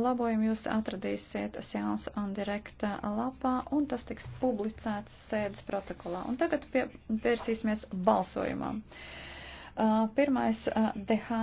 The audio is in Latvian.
Labojumu jūs atradīsiet Sjāns un Direkta lapā, un tas tiks publicēts sēdes protokolā. Un tagad pie, pievērsīsimies balsojumam. Uh, pirmais uh, Dehan.